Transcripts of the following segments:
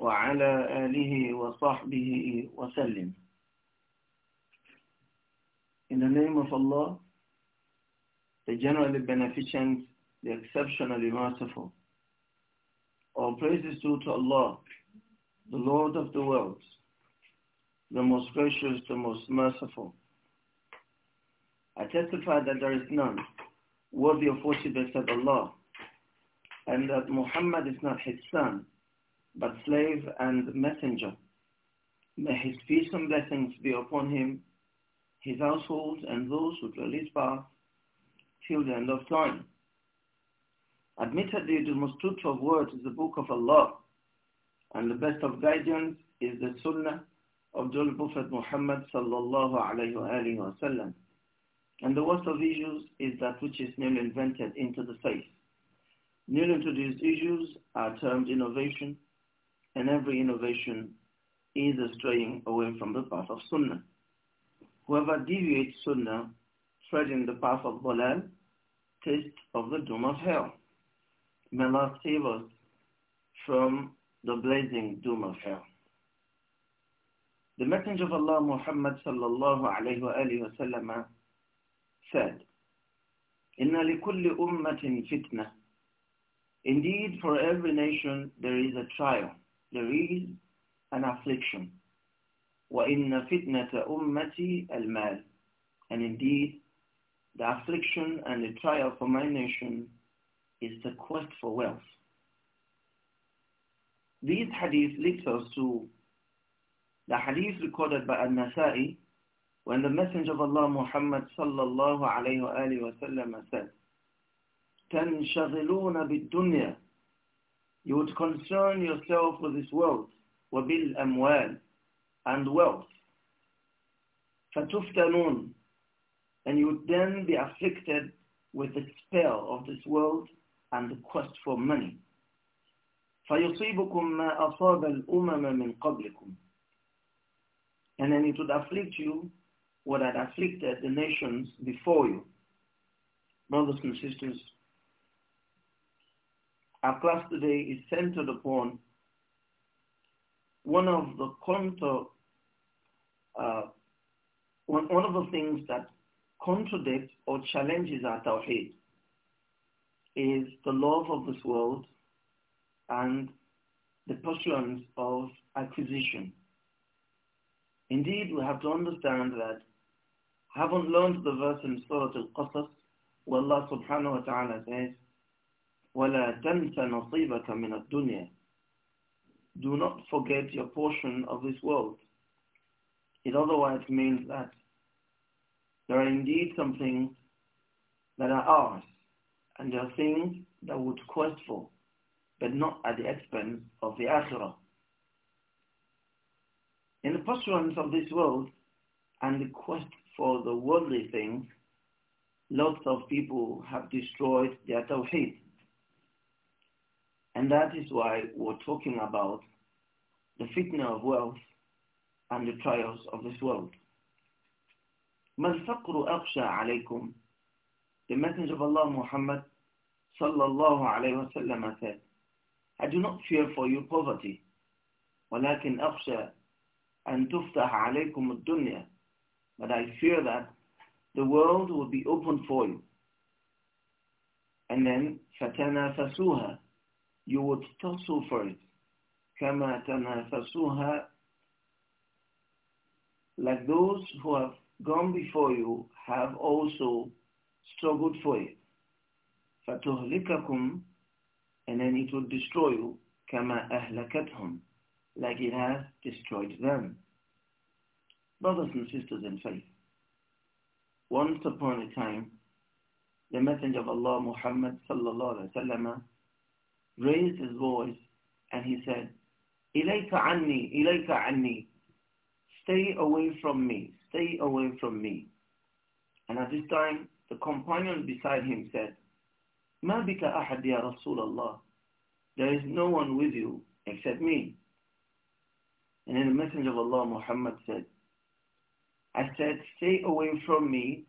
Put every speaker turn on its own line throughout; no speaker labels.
وعلى آله وصحبه وسلم In the name of Allah, the generally beneficent, the exceptionally merciful. All praises due to Allah, the Lord of the worlds, the most gracious, the most merciful. I testify that there is none worthy of worship except Allah, and that Muhammad is not his son, but slave and messenger. May his peace and blessings be upon him, his household, and those who dwell his path till the end of time. Admittedly, the most truthful word is the Book of Allah, and the best of guidance is the Sunnah of the Prophet Muhammad sallallahu alayhi wa sallam. And the worst of issues is that which is newly invented into the faith. Newly introduced issues are termed innovation, and every innovation is straying away from the path of Sunnah. Whoever deviates Sunnah, treading the path of Balal, tastes of the doom of hell. May Allah save us from the blazing doom of hell. The Messenger of Allah Muhammad sallallahu alayhi wa alayhi wa sallam said, إِنَّ لِكُلِّ أُمَّةٍ فِتْنَةٍ Indeed, for every nation there is a trial. There is an affliction. وَإِنَّ فِتْنَةَ أُمَّتِي الْمَالِ And indeed, the affliction and the trial for my nation is the quest for wealth. These hadith leads us to the hadith recorded by Al-Nasai when the Messenger of Allah Muhammad sallallahu alayhi wa sallam said, تَنْشَغِلُونَ بِالدُّنْيَا you would concern yourself with world, with وَبِالْأَمْوَالِ well, and wealth. فَتُفْتَنُونَ And you would then be afflicted with the spell of this world and the quest for money. فَيُصِيبُكُمْ مَا أَصَابَ الْأُمَمَ مِنْ قَبْلِكُمْ And then it would afflict you what had afflicted the nations before you. Brothers and sisters, our class today is centered upon one of the counter, uh, one, one of the things that contradicts or challenges our faith is the love of this world and the pursuance of acquisition. Indeed, we have to understand that having learned the verse in Surah Al-Qasas, where Allah subhanahu wa ta'ala says, وَلَا تَنْسَ نَصِيبَكَ مِنَ الدُّنْيَا Do not forget your portion of this world. It otherwise means that there are indeed some things that are ours, and there are things that we would quest for, but not at the expense of the akhirah. In the pursuance of this world and the quest for the worldly things, lots of people have destroyed their tawheed. And that is why we're talking about the fitna of wealth and the trials of this world. The Messenger of Allah Muhammad sallallahu alayhi wasallam said, I do not fear for you poverty, ولكن أخشى أن تفتح عليكم الدنيا But I fear that the world will be open for you. And then فتنافسوها you would tussle for it. كَمَا تَنَافَسُوهَا Like those who have gone before you have also struggled for it. فَتُهْلِكَكُمْ And then it will destroy you. كَمَا أَهْلَكَتْهُمْ Like it has destroyed them. Brothers and sisters in faith, once upon a time, the Messenger of Allah Muhammad sallallahu alayhi wasallam raised his voice and he said, إِلَيْكَ anni, إِلَيْكَ anni, Stay away from me, stay away from me. And at this time, the companion beside him said, "Ma bika ahad ya رَسُولَ There is no one with you except me. And then the Messenger of Allah, Muhammad, said, I said, stay away from me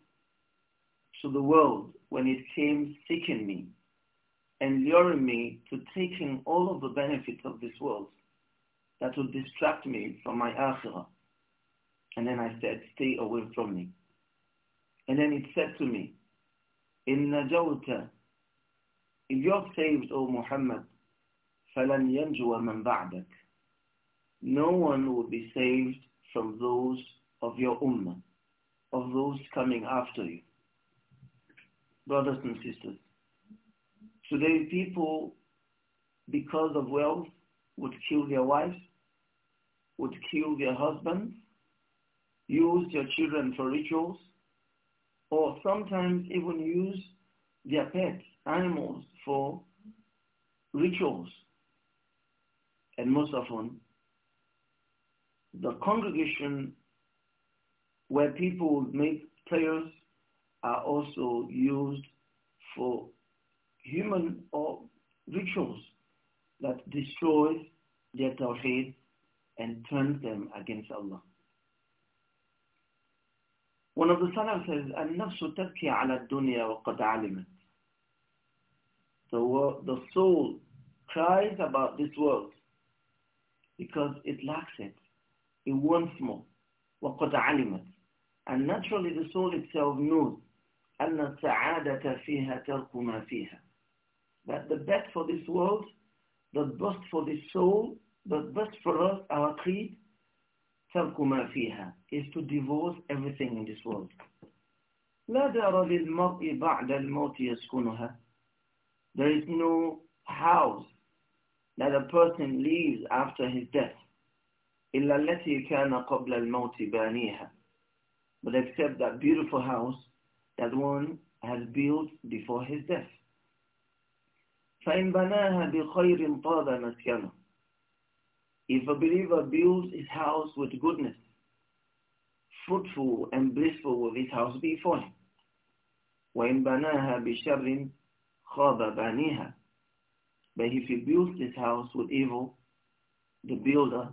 to the world when it came seeking me and luring me to taking all of the benefits of this world that would distract me from my akhirah. And then I said, stay away from me. And then it said to me, in najawta, if you're saved, O Muhammad, فَلَنْ يَنْجُوَ مَنْ بَعْدَكَ No one will be saved from those of your ummah, of those coming after you. Brothers and sisters, Today, people, because of wealth, would kill their wives, would kill their husbands, use their children for rituals, or sometimes even use their pets, animals, for rituals. And most often, the congregation where people make prayers are also used for human or rituals that destroys their tawheed and turns them against Allah. One of the Salaf says, النفس تبكي dunya الدنيا وقد علمت. The, the soul cries about this world because it lacks it. It wants more. وقد علمت. And naturally the soul itself knows أن السعادة فيها ترك ما فيها that the best for this world, the best for this soul, the best for us, our creed, Ma Fiha. is to divorce everything in this world. There is no house that a person leaves after his death. إِلَّا الَّتِي كَانَ قَبْلَ الْمَوْتِ بَانِيهَا But except that beautiful house that one has built before his death. فَإِنْ بَنَاهَا بِخَيْرٍ طَابَ مَسْكَنُهُ If a believer builds his house with goodness, fruitful and blissful will his house be for him. وَإِنْ بَنَاهَا بِشَرٍ خَابَ بَانِيهَا But if he builds his house with evil, the builder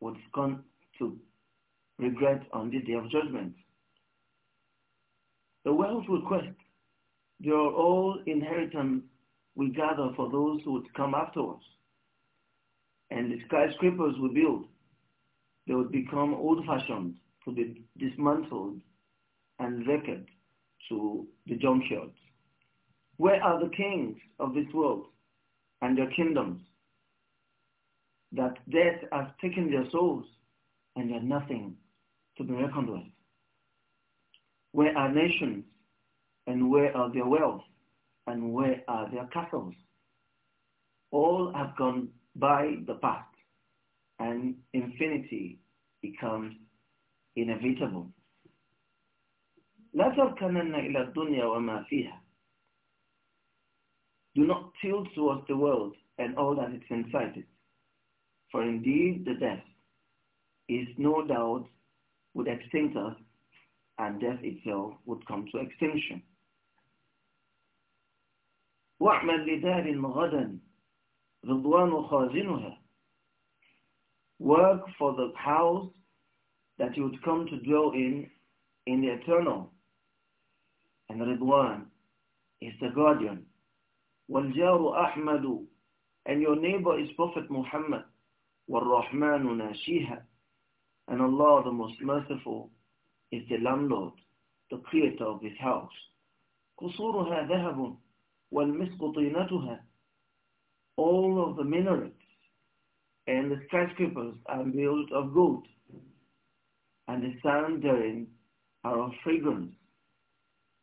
would come to regret on the day of judgment. The wealth will quest, they are all inheritance we gather for those who would come after us. And the skyscrapers we build, they would become old-fashioned to be dismantled and wrecked to the junkyards. Where are the kings of this world and their kingdoms? That death has taken their souls and they're nothing to be reckoned with. Where are nations and where are their wealth? and where are their castles? All have gone by the past, and infinity becomes inevitable. Do not tilt towards the world and all that it contains, for indeed the death is no doubt would extinct us, and death itself would come to extinction. واعمل لدار غدا رضوان خازنها work for the house that you would come to dwell in in the eternal and Ridwan is the guardian والجار أحمد and your neighbor is Prophet Muhammad والرحمن ناشيها and Allah the most merciful is the landlord the creator of this house قصورها ذهب والمسك طينتها all of the minarets and the skyscrapers are built of gold and the sand therein are of fragrance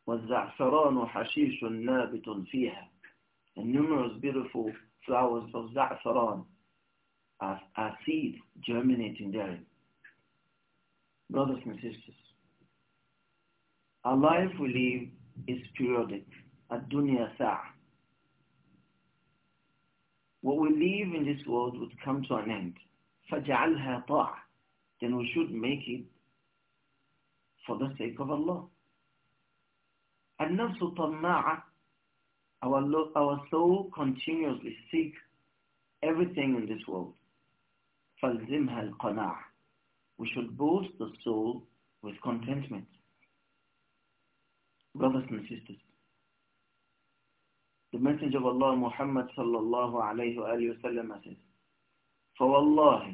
والزعفران حشيش نابت فيها and numerous beautiful flowers of za'faran are, are seeds germinating therein brothers and sisters our life we live is periodic ad-dunya sa'a. What we leave in this world would come to an end. فَجَعَلْهَا طَاعَ Then we should make it for the sake of Allah. النَّفْسُ طَمَّاعَ our, our soul continuously seek everything in this world. فَالْزِمْهَا الْقَنَاعَ We should boost the soul with contentment. Brothers and sisters, the Messenger of Allah Muhammad sallallahu alayhi wa sallam says, For Allah,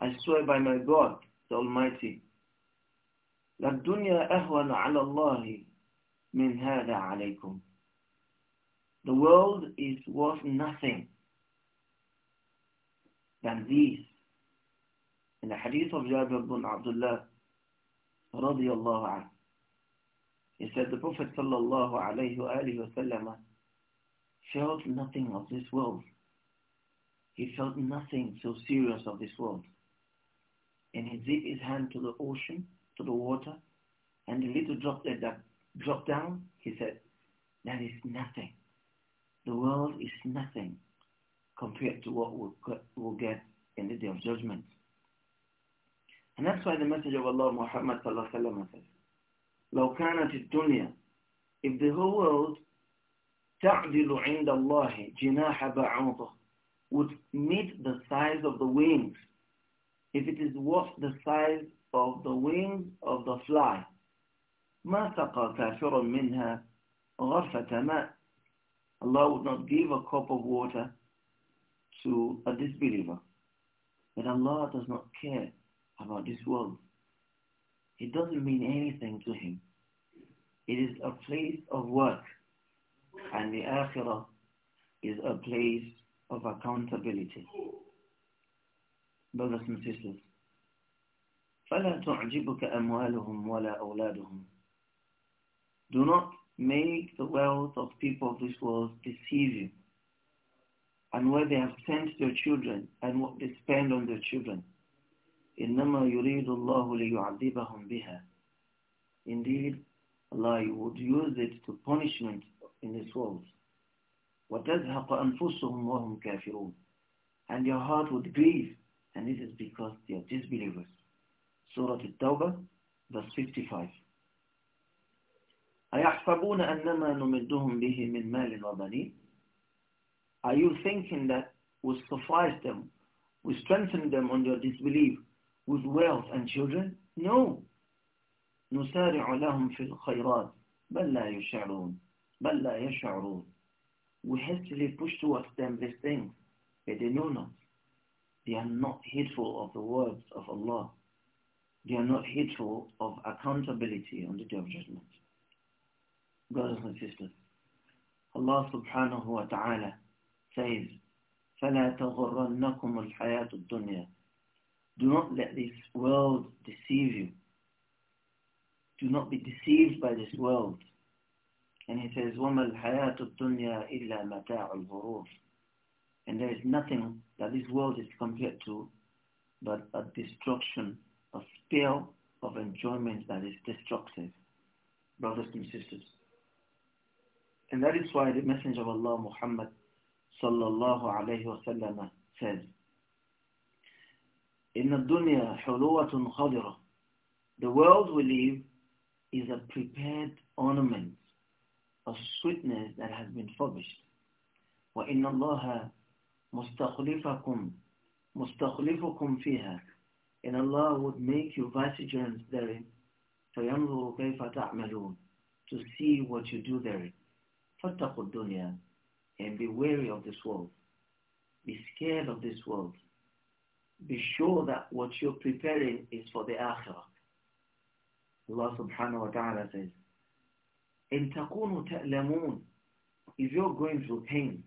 I swear by my God, the Almighty, لَلْدُنْيَا أَهْوَنَ عَلَى اللَّهِ مِنْ هَذَا عَلَيْكُمْ The world is worth nothing than these. In the hadith of Jabir ibn Abdullah radiallahu anhu, he said the Prophet sallallahu alayhi wa sallam felt nothing of this world. He felt nothing so serious of this world. And he dipped his hand to the ocean, to the water, and the little droplet that dropped down, he said, that is nothing. The world is nothing compared to what we'll get in the day of judgment. And that's why the message of Allah Muhammad says, لو كانت الدنيا if the whole world تعدل عند الله جناح بعوضة would meet the size of the wings if it is worth the size of the wings of the fly ما سقى كافر منها غرفة ماء Allah would not give a cup of water to a disbeliever. But Allah does not care about this world. It doesn't mean anything to him. It is a place of work. And the akhirah is a place of accountability. Brothers and sisters, فَلَا تُعْجِبُكَ أَمْوَالُهُمْ وَلَا أَوْلَادُهُمْ Do not make the wealth of people of this world deceive you. And where they have sent their children and what they spend on their children. إِنَّمَا يُرِيدُ اللَّهُ لِيُعَذِّبَهُمْ بِهَا Indeed, Allah would use it to punishment in this world. وَتَزْهَقَ أَنفُسُهُمْ وَهُمْ كَافِرُونَ And your heart would grieve, and this is because they are disbelievers. Surah At-Tawbah, verse 55. أَيَحْسَبُونَ أَنَّمَا نُمِدُّهُمْ بِهِ مِنْ مَالٍ وَبَنِينَ Are you thinking that we suffice them, we strengthen them on their disbelief with wealth and children? No. نُسَارِعُ لَهُمْ فِي الْخَيْرَاتِ بَلْ لَا يُشْعَرُونَ but la yasharul, we hastily push towards them these things but they know not they are not heedful of the words of Allah they are not heedful of accountability on the day of judgment brothers and sisters Allah subhanahu wa ta'ala says فَلَا تَغُرَّنَّكُمُ الْحَيَاةُ الدُّنْيَا Do not let this world deceive you. Do not be deceived by this world. And he says, وَمَا الْحَيَاةُ الدُّنْيَا إِلَّا مَتَاعُ الْغُرُورِ And there is nothing that this world is compared to but a destruction, a spell of enjoyment that is destructive, brothers and sisters. And that is why the Messenger of Allah Muhammad sallallahu alayhi wa sallam says, إِنَّ dunya حُلُوَةٌ خَضِرَةٌ The world we live is a prepared ornament of sweetness that has been furbished. وَإِنَّ اللَّهَ مُسْتَخْلِفَكُمْ مُسْتَخْلِفُكُمْ فِيهَا And Allah would make you vicegerents therein فَيَنْظُرُ كَيْفَ تَعْمَلُونَ To see what you do therein. فَاتَّقُوا الدُّنْيَا And be wary of this world. Be scared of this world. Be sure that what you're preparing is for the akhirah. Allah subhanahu wa ta'ala says, إن تكونوا تألمون if you're going through pain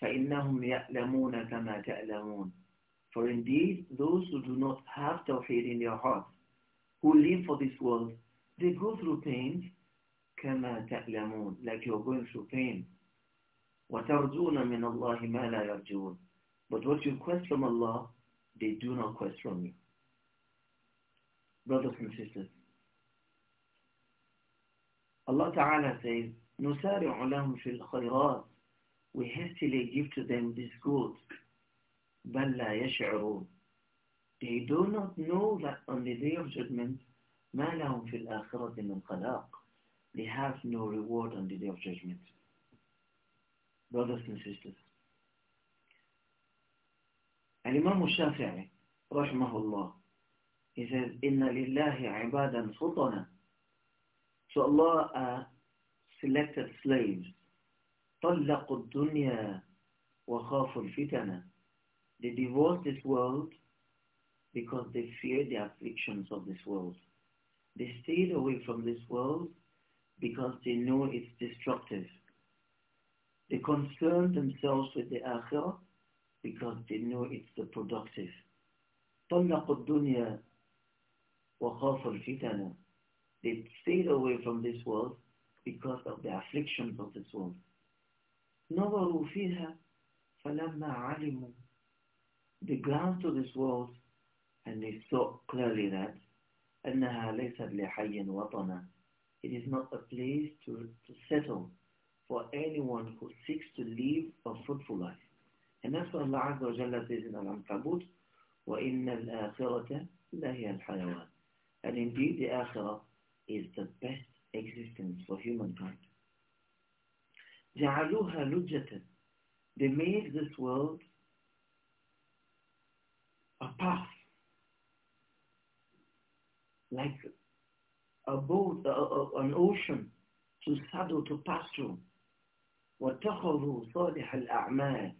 فإنهم يألمون كما تألمون for indeed those who do not have tawheed in their hearts who live for this world they go through pains كما تألمون like you're going through pain وترجون من الله ما لا يرجون but what you quest from Allah they do not quest from you brothers and sisters Allah Ta'ala says, نُسَارِعُ لَهُمْ فِي الْخَيْرَاتِ We hastily give to them this good. بَلْ لَا يَشْعُرُونَ They do not know that on the day of judgment, مَا لَهُمْ فِي الْآخِرَةِ مِنْ خَلَاقٍ They have no reward on the day of judgment. Brothers and sisters, الإمام الشافعي رحمه الله he says إن لله عبادا فطنا So Allah uh, selected slaves. طَلَّقُوا الدُّنْيَا وَخَافُوا الْفِتَنَةِ They divorce this world because they fear the afflictions of this world. They stayed away from this world because they know it's destructive. They concern themselves with the akhirah because they know it's the productive. طَلَّقُوا الدُّنْيَا وَخَافُوا الفتنه. They stayed away from this world because of the afflictions of this world. نظروا فيها فلما علموا They glanced to this world and they saw clearly that أنها ليست لحي وطنا It is not a place to, to settle for anyone who seeks to live a fruitful life. And that's what Allah Azza wa Jalla says in Al-Ankabut, وَإِنَّ الْآخِرَةَ لَهِيَ الْحَيَوَانِ And indeed the Akhirah is the best existence for humankind. جعلوها لجة They made this world a path, like a boat, a, a, an ocean to saddle, to pass through. وَاتَّخَذُوا صَالِحَ الْأَعْمَالِ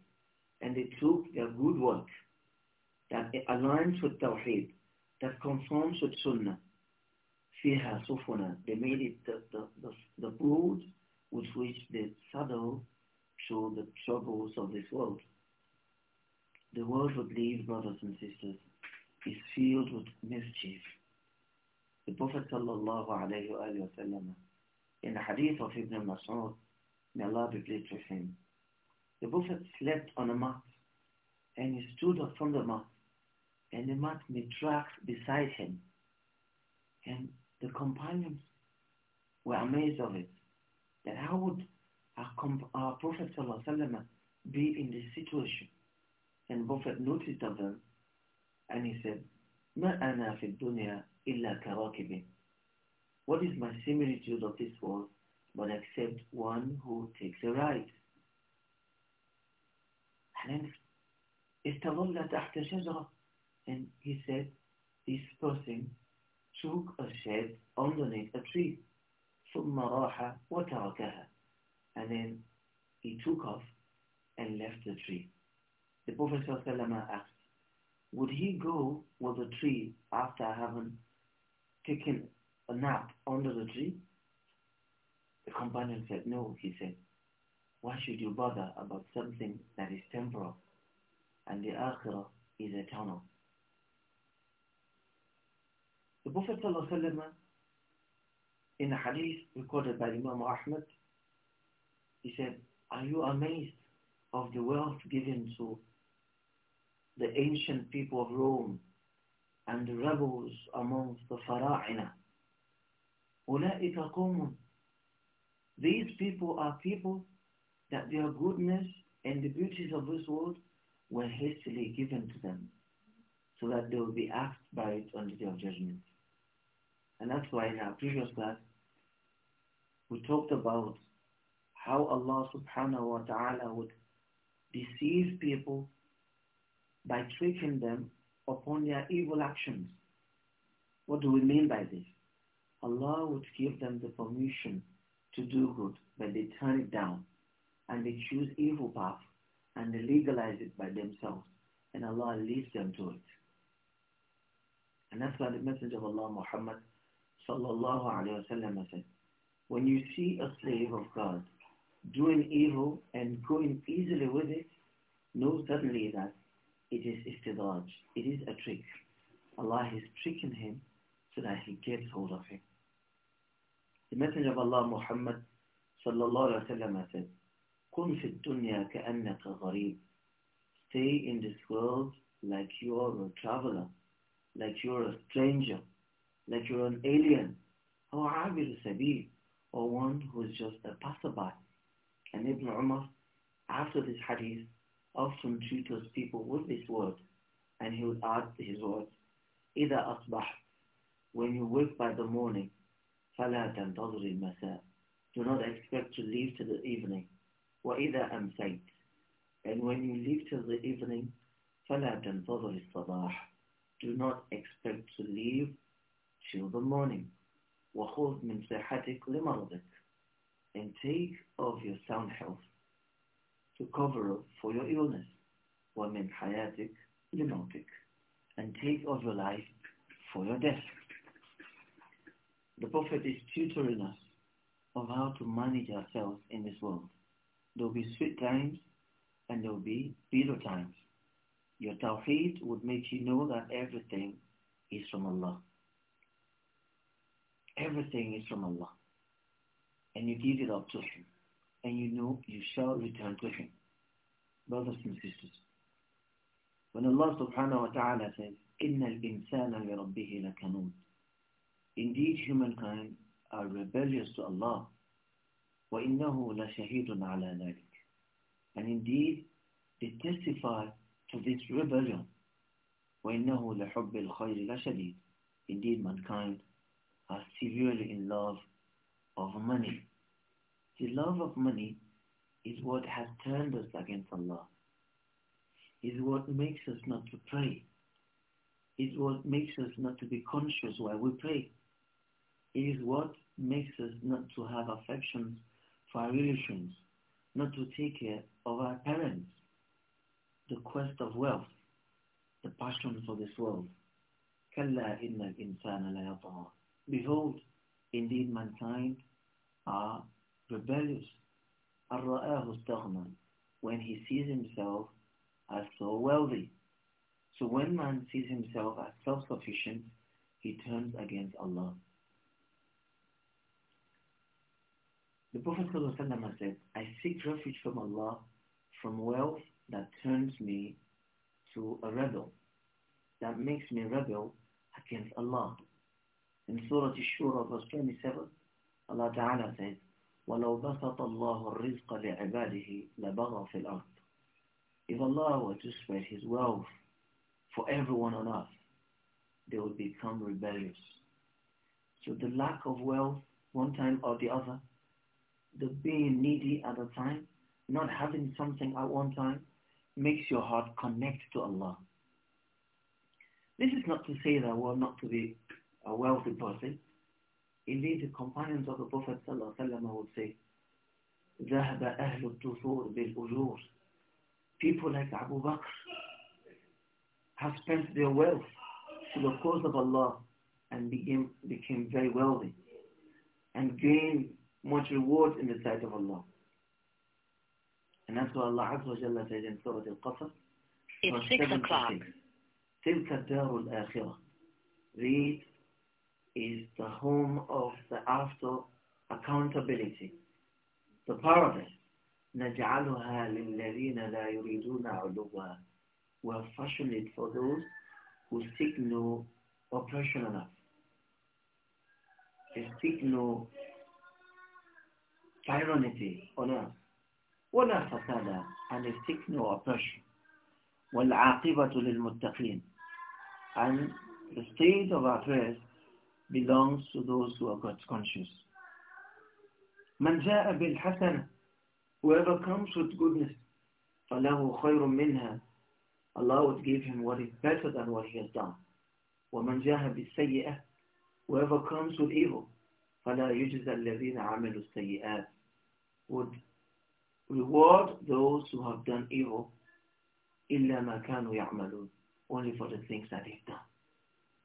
And they took their good work that aligns with Tawheed, that conforms with Sunnah, فيها سفنا they made it the, the, the, the with which they saddle through the troubles of this world. The world we live, brothers and sisters, is filled with mischief. The Prophet sallallahu in the hadith of Ibn Mas'ud, may Allah be pleased with him, the Prophet slept on a mat, and he stood up from the mat, and the mat made tracks beside him. And the companions were amazed of it. That how would our, our Prophet ﷺ be in this situation? And Prophet noticed of them and he said, مَا أَنَا فِي الدُّنْيَا إِلَّا كَرَاكِبٍ What is my similitude of this world but except one who takes a ride? And then, استظل تحت شجرة and he said, this person took a shed underneath a tree. ثم راح وتركها. And then he took off and left the tree. The Prophet ﷺ asked, would he go with the tree after having taken a nap under the tree? The companion said, no, he said, why should you bother about something that is temporal and the akhirah is eternal? The Prophet ﷺ, in a hadith recorded by Imam Ahmad, he said, are you amazed of the wealth given to the ancient people of Rome and the rebels amongst the Fara'ina? These people are people that their goodness and the beauties of this world were hastily given to them so that they will be asked by it on the day of judgment. And that's why in our previous class, we talked about how Allah subhanahu wa ta'ala would deceive people by tricking them upon their evil actions. What do we mean by this? Allah would give them the permission to do good, but they turn it down and they choose evil path and they legalize it by themselves and Allah leads them to it. And that's why the message of Allah Muhammad sallallahu alayhi wasallam said, when you see a slave of God doing evil and going easily with it, know certainly that it is istidaj, it is a trick. Allah is tricking him so that he gets hold of him. The Messenger of Allah Muhammad sallallahu alayhi wasallam said, كن في dunya كأنك غريب. Stay in this world like you are a traveler, like you are a stranger that you're an alien or a سبيل or one who is just a passerby. And Ibn Umar, after this hadith, often tutors people with this word and he would add his words, إِذَا أَصْبَحْ When you wake by the morning, فَلَا تَنْتَظِرِ الْمَسَاءِ Do not expect to leave till the evening. وَإِذَا أَمْسَيْتِ And when you leave till the evening, فَلَا تَنْتَظِرِ الصَّبَاحِ Do not expect to leave till the morning. وَخُذْ مِنْ صِحَّتِكَ لِمَرْضِكَ And take of your sound health to cover up for your illness. وَمِنْ حَيَاتِكَ And take of your life for your death. The Prophet is tutoring us of how to manage ourselves in this world. There will be sweet times and there will be bitter times. Your tawheed would make you know that everything is from Allah. Everything is from Allah. And you give it up to Him. And you know you shall return to Him. Brothers and sisters. When Allah subhanahu wa ta'ala says, إِنَّ الْإِنسَانَ لِرَبِّهِ لَكَنُونَ Indeed, humankind are rebellious to Allah. وَإِنَّهُ لَشَهِيدٌ عَلَى ذَلِكَ And indeed, they testify to this rebellion. وَإِنَّهُ لَحُبِّ الْخَيْرِ لَشَدِيدٌ Indeed, mankind are severely in love of money. The love of money is what has turned us against Allah, is what makes us not to pray, is what makes us not to be conscious while we pray, It is what makes us not to have affections for our relations, not to take care of our parents, the quest of wealth, the passion for this world. كلا إن الإنسان ليطغى Behold, indeed mankind are rebellious. When he sees himself as so wealthy. So when man sees himself as self-sufficient, he turns against Allah. The Prophet said, I seek refuge from Allah from wealth that turns me to a rebel, that makes me rebel against Allah. In Surah Ash-Shura, verse 27, Allah Ta'ala says, وَلَوْ بَسَطَ اللَّهُ الرِّزْقَ لِعِبَادِهِ لَبَغَى فِي الْأَرْضِ If Allah were to spread His wealth for everyone on earth, they would become rebellious. So the lack of wealth, one time or the other, the being needy at a time, not having something at one time, makes your heart connect to Allah. This is not to say that we're not to be a wealthy person, indeed the companions of the Prophet ﷺ would say, ذهب أهل الدثور بالأجور. People like Abu Bakr have spent their wealth to the cause of Allah and became, became very wealthy and gained much reward in the sight of Allah. And that's what Allah Azza wa Jalla says in Surah Al-Qasas. It's 6 o'clock. تلك الدار الآخرة. These is the home of the after accountability, the paradise. نجعلها للذين لا يريدون علوا. We have fashioned it for those who seek no oppression on us. They seek no tyranny on us. ولا فساد and they seek no oppression. والعاقبة للمتقين. And the state of affairs belongs to those who are God conscious. من جاء بالحسنة whoever comes with goodness فله خير منها Allah would give him what is better than what he has done. ومن جاء بالسيئة whoever comes with evil فلا يجزى الذين عملوا السيئات would reward those who have done evil إلا ما كانوا يعملون only for the things that they've done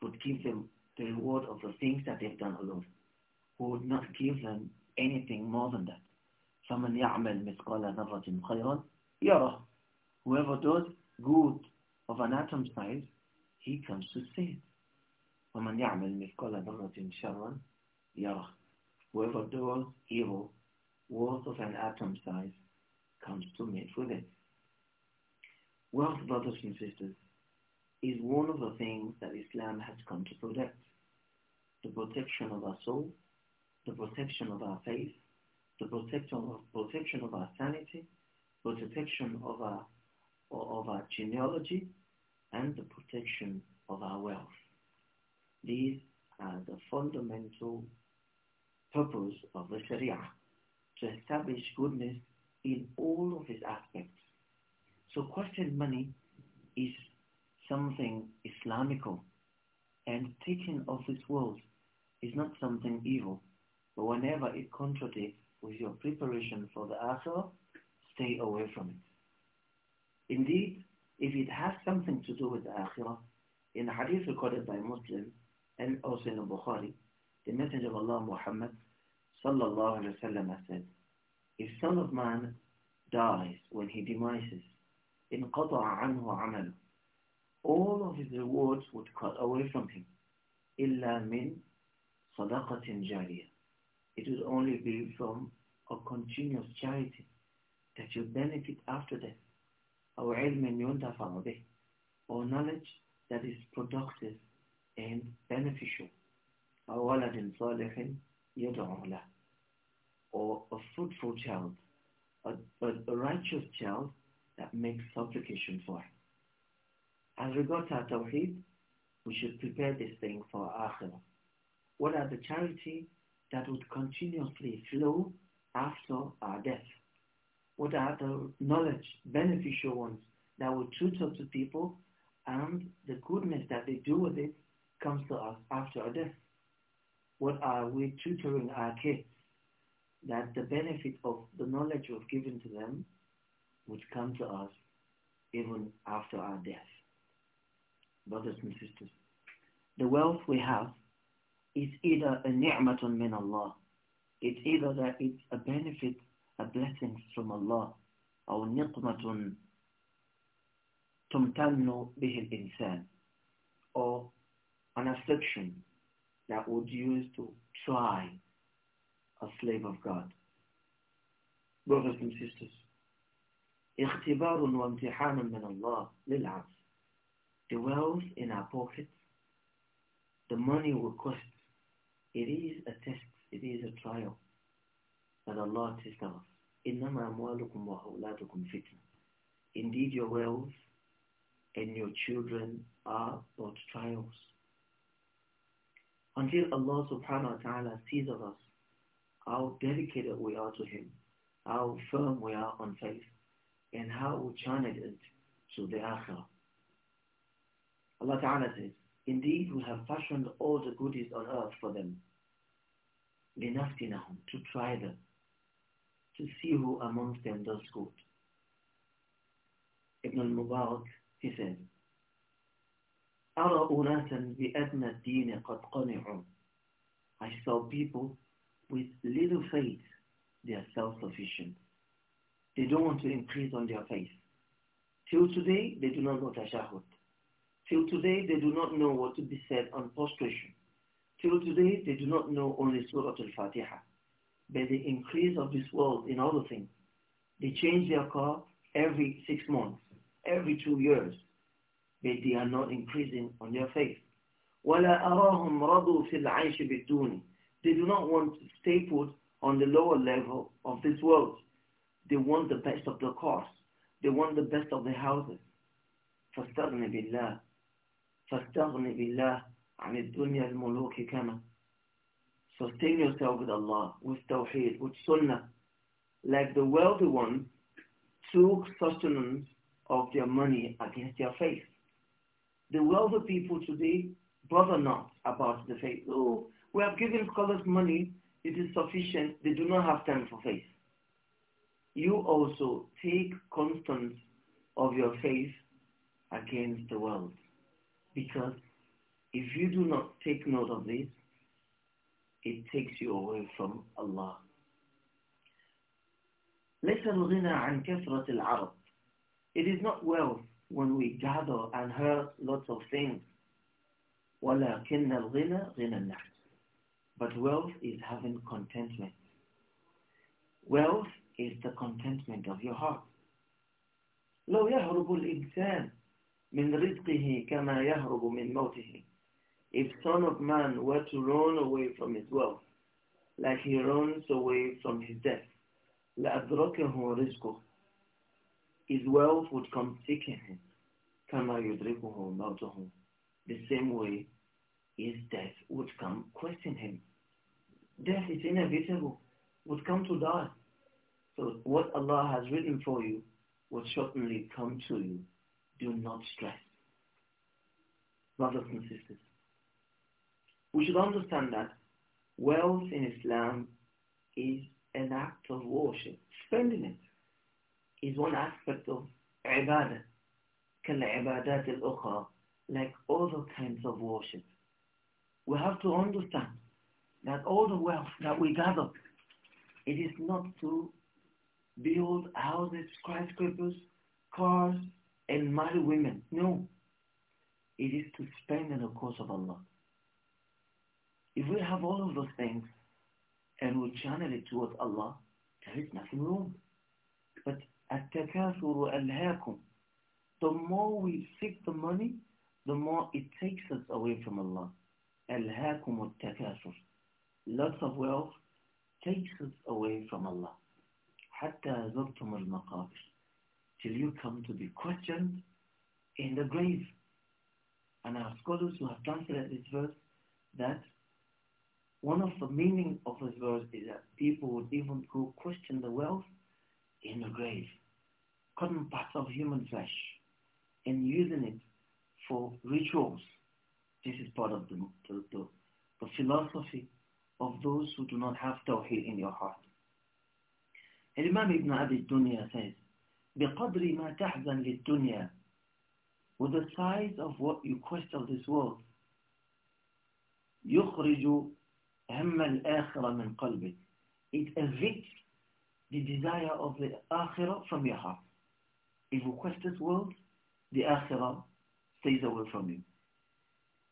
would give them the reward of the things that they've done alone. Who would not give them anything more than that. فَمَنْ يَعْمَلْ مِثْقَالَ ذَرَّةٍ خَيْرًا يَرَهُ Whoever does good of an atom size, he comes to see it. يَعْمَلْ مِثْقَالَ ذَرَّةٍ شَرًّا يَرَهُ Whoever does evil, worth of an atom size, comes to meet with it. Wealth, brothers and sisters, is one of the things that Islam has come to protect the protection of our soul, the protection of our faith, the protection of, protection of our sanity, the protection of our, of our genealogy, and the protection of our wealth. These are the fundamental purpose of the Sharia, to establish goodness in all of its aspects. So question money is something Islamical and taken of this world is not something evil, but whenever it contradicts with your preparation for the akhirah, stay away from it. Indeed, if it has something to do with the akhirah, in the hadith recorded by Muslim and also in Bukhari, the Messenger of Allah Muhammad sallallahu alaihi wasallam said, "If Son of Man dies when he demises, in anhu amal, all of his rewards would cut away from him, illa min sadaqatin jariya. It will only be from a continuous charity that you benefit after death. Or Or knowledge that is productive and beneficial. Or Or a fruitful child. A, a, a righteous child that makes supplication for him. As regards our tawheed, we should prepare this thing for akhirah what are the charity that would continuously flow after our death? What are the knowledge, beneficial ones that will tutor to people and the goodness that they do with it comes to us after our death? What are we tutoring our kids that the benefit of the knowledge we've given to them would come to us even after our death? Brothers and sisters, the wealth we have it's either a ni'matun min Allah. It's either that it's a benefit, a blessing from Allah, or نقمة tumtannu به الإنسان, or an affliction that would use to try a slave of God. Brothers and sisters, اختبار وامتحان من الله للعبد. The wealth in our pockets, the money we cost it is a test, it is a trial that Allah tests us. Indeed your wealth and your children are but trials. Until Allah subhanahu wa ta'ala sees of us how dedicated we are to Him, how firm we are on faith, and how we channel it to the akhirah. Allah Ta'ala says, Indeed, we have fashioned all the goodies on earth for them. لنفتنهم to try them, to see who amongst them does good. Ibn al-Mubarak, he said, أرى أناسا بأدنى الدين قد قنعوا I saw people with little faith, they are self-sufficient. They don't want to increase on their faith. Till today, they do not go to tashahud. Till today, they do not know what to be said on prostration. Till today, they do not know only Surah Al-Fatiha. By the increase of this world in other things, they change their car every six months, every two years, but they are not increasing on their faith. وَلَا أَرَاهُمْ رَضُوا فِي الْعَيْشِ بِالدُّونِ They do not want to stay put on the lower level of this world. They want the best of the cars. They want the best of the houses. فَاسْتَغْنِ بِاللَّهِ فاستغن بالله عن الدنيا الملوك كما Sustain yourself with Allah, with Tawheed, with Sunnah. Like the wealthy ones took sustenance of their money against their faith. The wealthy people today bother not about the faith. Oh, we have given scholars money. It is sufficient. They do not have time for faith. You also take constance of your faith against the world. Because if you do not take note of this, it takes you away from Allah. It is not wealth when we gather and hear lots of things. But wealth is having contentment. Wealth is the contentment of your heart. لو يهرب الإنسان if son of man were to run away from his wealth, like he runs away from his death, لأدركه رزقه. His wealth would come seeking him. كما يدركه موته. The same way his death would come question him. Death is inevitable, would come to die. So what Allah has written for you will certainly come to you do not stress. Brothers and sisters, we should understand that wealth in Islam is an act of worship. Spending it is one aspect of ibadah, كالعبادات الأخرى, like other kinds of worship. We have to understand that all the wealth that we gather, it is not to build houses, skyscrapers, cars, and marry women. No. It is to spend in the cause of Allah. If we have all of those things and we channel it towards Allah, there is nothing wrong. But التكاثر ألهاكم The more we seek the money, the more it takes us away from Allah. ألهاكم التكاثر Lots of wealth takes us away from Allah. حتى زرتم المقابر till you come to be questioned in the grave. And our scholars who have translated this verse that one of the meaning of this verse is that people would even go question the wealth in the grave, cutting parts of human flesh and using it for rituals. This is part of the, the, the, the philosophy of those who do not have tawheed in your heart. And Imam Ibn Abi Dunya says, بقدر ما تحزن للدنيا with the size of what you quest of this world يخرج هم الآخرة من قلبك it evicts the desire of the آخرة from your heart if you quest this world the آخرة stays away from you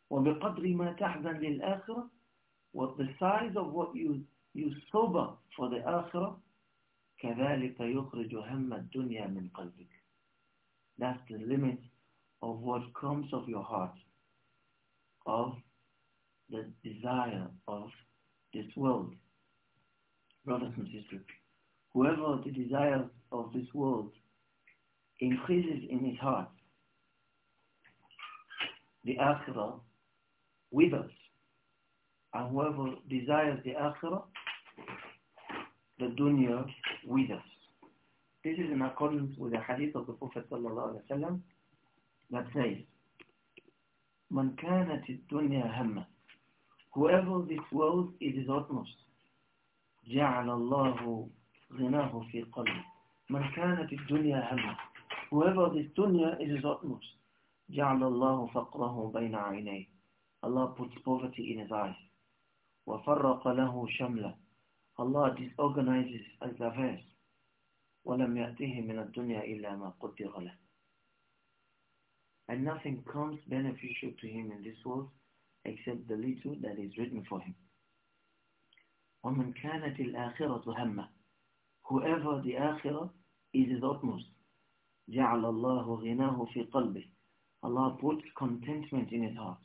وبقدر ما تحزن للآخرة what the size of what you you sober for the آخرة كذلك يخرج هم الدنيا من قلبك that's the limit of what comes of your heart of the desire of this world brothers and sisters whoever the desire of this world increases in his heart the akhirah withers and whoever desires the akhirah the dunya with us. This is in accordance with the hadith of the Prophet ﷺ that says, من كانت al-dunya همه Whoever this world is his utmost, جعل الله غناه في قلبه من كانت الدنيا همه Whoever this dunya is his utmost, جعل الله فقره بين عينيه Allah puts poverty in his eyes. وفرق له شمله Allah disorganizes as the وَلَمْ يَأْتِهِ مِنَ الدُّنْيَا إِلَّا مَا قُدِّرَ لَهُ And nothing comes beneficial to him in this world except the little that is written for him. وَمَنْ كَانَتِ الْآخِرَةُ هَمَّةً Whoever the akhirah is his utmost. جَعَلَ اللَّهُ غِنَاهُ فِي قَلْبِهِ Allah puts contentment in his heart.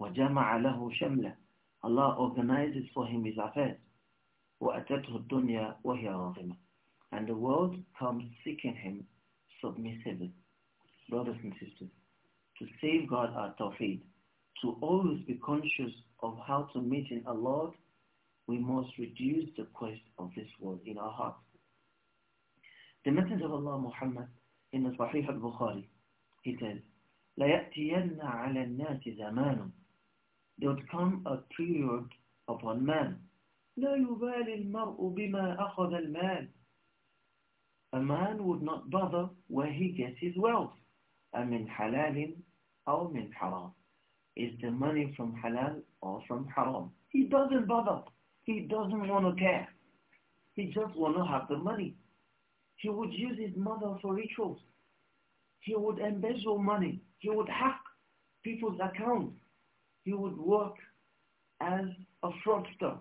وَجَمَعَ لَهُ شَمْلًا Allah organizes for him his affairs. وأتته الدنيا وهي راغمة and the world comes seeking him submissively. Brothers and sisters, to safeguard our tawheed, to always be conscious of how to meet in Allah, we must reduce the quest of this world in our heart. The Messenger of Allah Muhammad in the Sahih al-Bukhari, he says, لَيَأْتِيَنَّ عَلَى النَّاسِ زَمَانٌ There would come a period upon man لا يبالي المرء بما أخذ المال. A man would not bother where he gets his wealth. أمن حلال أو من حرام. Is the money from halal or from haram? He doesn't bother. He doesn't want to care. He just want to have the money. He would use his mother for rituals. He would embezzle money. He would hack people's accounts. He would work as a fraudster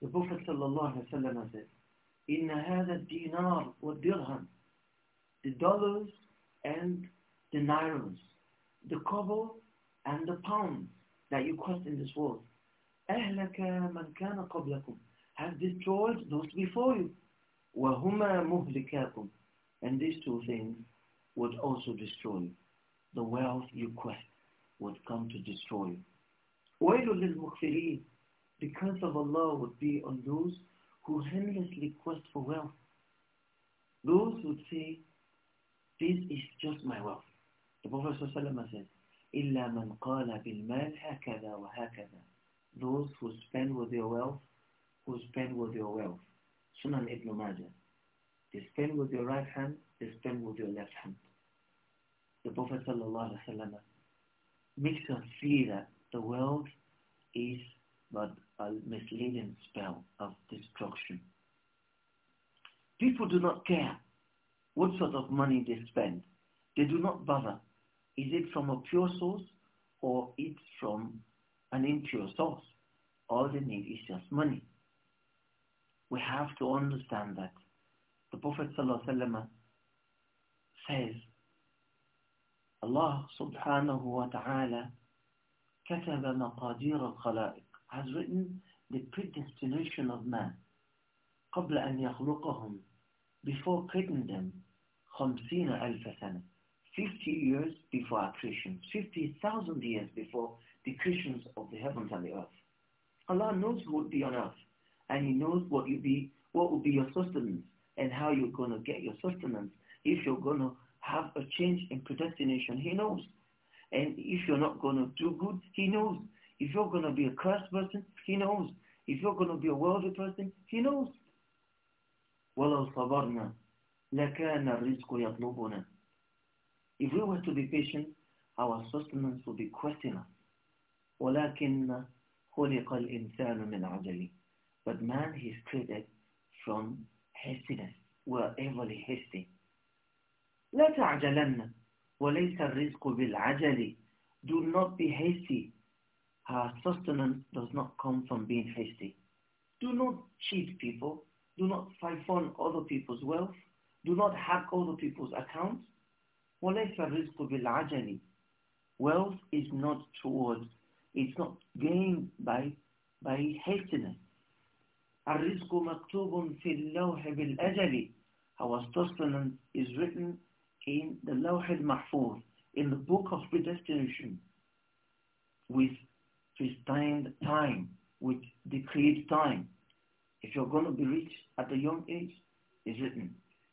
the Prophet ﷺ said, hāzad dinar or dirham, The dollars and the dirhams, the kobo and the pounds that you cost in this world. ahlaka مَنْ كَانَ قَبْلَكُمْ Has destroyed those before you. وَهُمَا مُهْلِكَاكُمْ And these two things would also destroy you. The wealth you quest would come to destroy you. وَيْلُ لِلْمُكْفِرِينَ the curse of Allah would be on those who endlessly quest for wealth. Those who say, this is just my wealth. The Prophet ﷺ says, إِلَّا مَنْ قَالَ بِالْمَالِ هَكَذَا وَهَكَذَا Those who spend with their wealth, who spend with their wealth. Sunan Ibn Majah. They spend with your right hand, they spend with your left hand. The Prophet ﷺ makes us see that the world is but a misleading spell of destruction. People do not care what sort of money they spend. They do not bother. Is it from a pure source or it's from an impure source? All they need is just money. We have to understand that. The Prophet ﷺ says, Allah subhanahu wa ta'ala كتب مقادير الخلائق has written the predestination of man قبل أن يخلقهم before creating them خمسين ألف سنة 50 years before our creation 50,000 years before the creations of the heavens and the earth Allah knows what will be on earth and He knows what you be what will be your sustenance and how you're going to get your sustenance if you're going to have a change in predestination He knows and if you're not going to do good He knows if you're going to be a cursed person, he knows. If you're going to be a worldly person, he knows. وَلَوْ صَبَرْنَا لَكَانَ الرِّزْقُ يَطْلُبُنَا If we were to be patient, our sustenance would be questioned. وَلَكِنَّ خُلِقَ الْإِنسَانُ مِنْ عَجَلٍ But man is created from hastiness. We're overly hasty. لَا تَعْجَلَنَّ وَلَيْسَ الرِّزْقُ بِالْعَجَلِ Do not be hasty. Our sustenance does not come from being hasty. Do not cheat people. Do not siphon other people's wealth. Do not hack other people's accounts. وَلَيْسَ الرِّزْقُ بِالْعَجَلِ Wealth is not towards, it's not gained by, by hastiness. Our sustenance is written in the al mahfuz, in the book of predestination, with to spend time with decreed time. If you're going to be rich at a young age, it's written.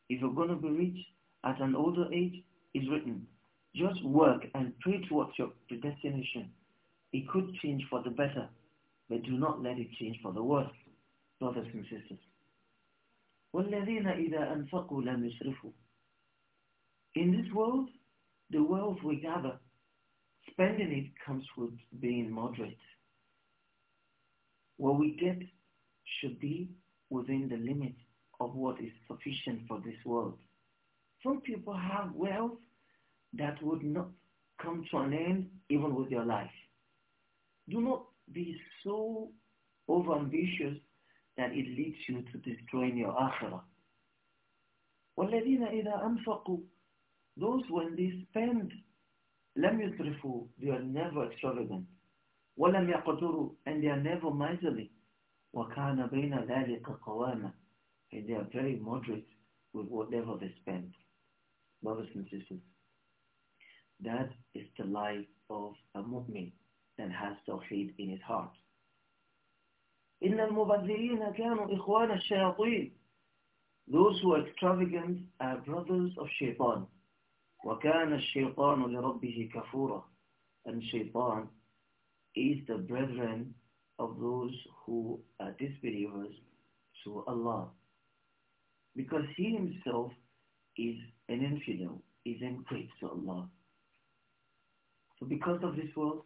If you're going to be rich at an older age, it's written. Just work and pray towards your destination. It could change for the better, but do not let it change for the worse, brothers and sisters. وَالَّذِينَ إِذَا أَنْفَقُوا لَمْ يُسْرِفُوا In this world, the wealth we gather spending it comes with being moderate. What we get should be within the limit of what is sufficient for this world. Some people have wealth that would not come to an end even with your life. Do not be so overambitious that it leads you to destroying your akhirah. وَالَّذِينَ إِذَا أَنفَقُوا Those when they spend لم يسرفوا they are never extravagant ولم يقدروا and they are never miserly وكان بين ذلك قوامة and they are very moderate with whatever they spend brothers and sisters that is the life of a mu'min that has tawheed in his heart إن المبذرين كانوا إخوان الشياطين those who are extravagant are brothers of shaitan وَكَانَ الشَّيْطَانُ لِرَبِّهِ كَفُورًا And shaitan is the brethren of those who are disbelievers to Allah. Because he himself is an infidel, is engrave to Allah. So because of this world,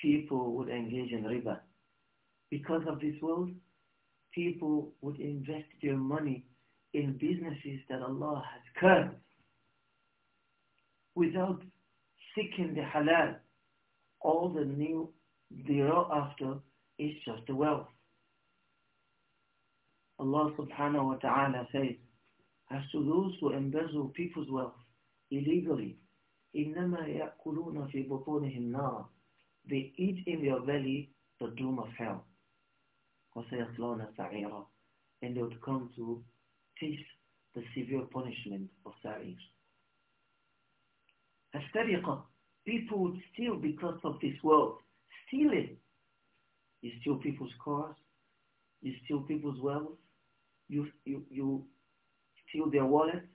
people would engage in riba. Because of this world, people would invest their money in businesses that Allah has cursed without seeking the halal. All the new thereafter is just the wealth. Allah subhanahu wa ta'ala says, as to those who embezzle people's wealth illegally, إِنَّمَا يَأْكُلُونَ فِي بُطُونِهِمْ نَارًا They eat in their belly the doom of hell. وَسَيَصْلَوْنَ سَعِيرًا And they would come to taste the severe punishment of Sa'ir. السرقة people would steal because of this world stealing you steal people's cars you steal people's wealth you you, you steal their wallets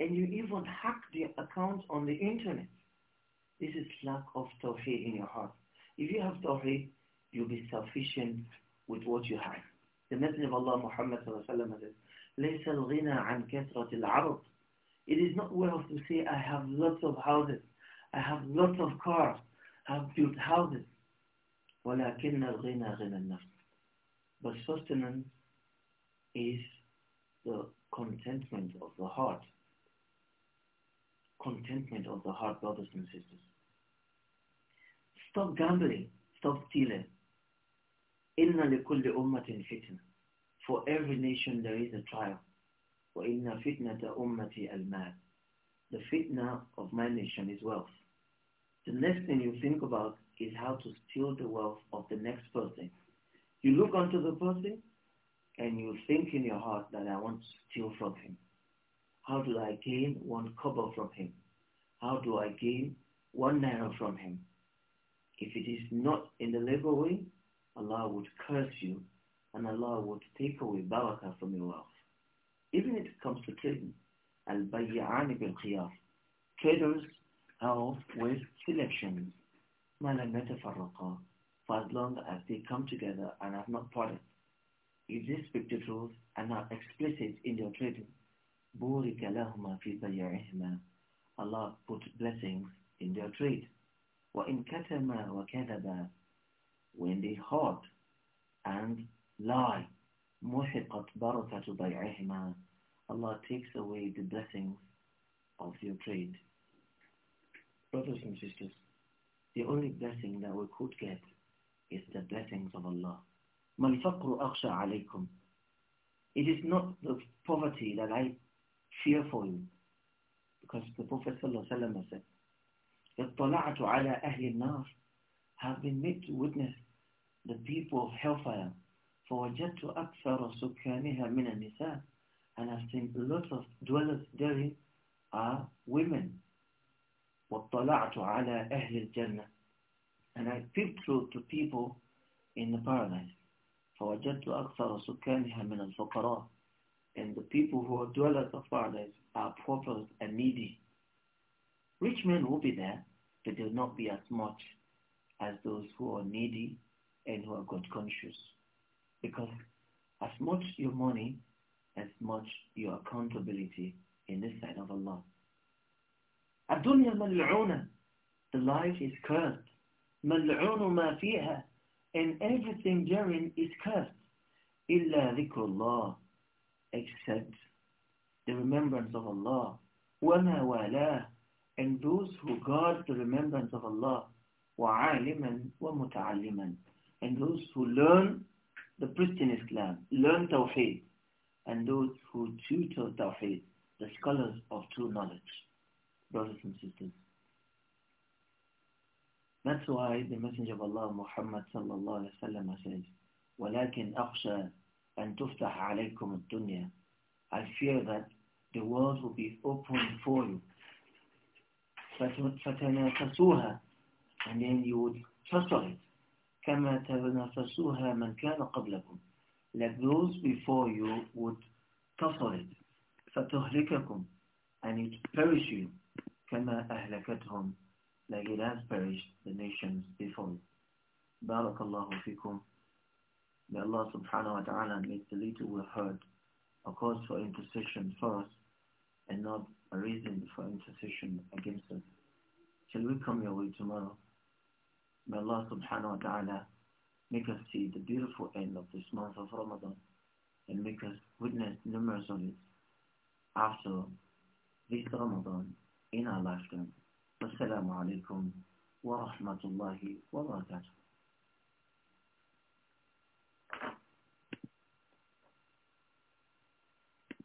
and you even hack their accounts on the internet this is lack of tawheed in your heart if you have tawheed you'll be sufficient with what you have the Messenger of Allah Muhammad صلى الله عليه وسلم says ليس الغنى عن كثرة العرض it is not worth to say, I have lots of houses, I have lots of cars, I have built houses. But sustenance is the contentment of the heart. Contentment of the heart, brothers and sisters. Stop gambling. Stop stealing. Inna لِكُلِّ أُمَّةٍ فِتْنَةٍ For every nation there is a trial. وَإِنَّ فِتْنَةَ أُمَّتِي الْمَالِ The fitna of my nation is wealth. The next thing you think about is how to steal the wealth of the next person. You look onto the person and you think in your heart that I want to steal from him. How do I gain one kobo from him? How do I gain one naira from him? If it is not in the legal way, Allah would curse you and Allah would take away barakah from your wealth. Even if it comes to trading, al-bayyani bil-khiyar. Traders help with selections. مَلَمْ For as long as they come together and have not parted, irrespective rules and are explicit in their trading. بُورِكَ لَهُمَا فِي بَيْعِهِمَا Allah put blessings in their trade. وَإِنْ كَتَمَا وَكَذَبَا When they hoard and lie, muhiqat barakatu bay'ihima. Allah takes away the blessings of your trade. Brothers and sisters, the only blessing that we could get is the blessings of Allah. It is not the poverty that I fear for you. Because the Prophet ﷺ said, اطلعت على أهل النار have been made to witness the people of hellfire فوجدت أكثر سكانها من النساء and I've seen a lot of dwellers therein are women واطلعت على أهل الجنة and I peeped through to people in the paradise فوجدت أكثر سكانها من الفقراء and the people who are dwellers of paradise are paupers and needy. Rich men will be there, but they'll not be as much as those who are needy and who are God conscious. Because as much your money, as much your accountability in this side of Allah. الدنيا ملعونة. The life is cursed. ملعون ما فيها. And everything therein is cursed. إلا ذكر الله. Except the remembrance of Allah. وما والاه. And those who guard the remembrance of Allah. وعالما ومتعلما. And those who learn the priest in Islam learn Tawheed and those who tutor Tawheed, the scholars of true knowledge, brothers and sisters. That's why the Messenger of Allah Muhammad sallallahu alayhi wa sallam says, وَلَكِنْ أَخْشَى أَن تُفْتَحَ عَلَيْكُمُ الدُّنْيَا I fear that the world will be open for you. فَتَنَافَسُوهَا And then you would tussle it. كما تنافسوها من كان قبلكم like those before you would suffer it فتهلككم and it perish you كما أهلكتهم like it has perished the nations before you بارك الله فيكم May Allah subhanahu wa ta'ala make the little we heard a cause for intercession for us and not a reason for intercession against us. Shall we come your way tomorrow? May Allah subhanahu wa ta'ala make us see the beautiful end of this month of Ramadan and make us witness numerous of it after this Ramadan in our lifetime. Assalamu alaikum wa rahmatullahi wa barakatuh.